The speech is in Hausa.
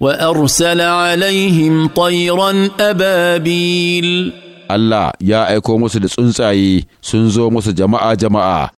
وارسل عليهم طيرا ابابيل Allah ya aiko musu da tsuntsaye sun zo musu jama'a jama'a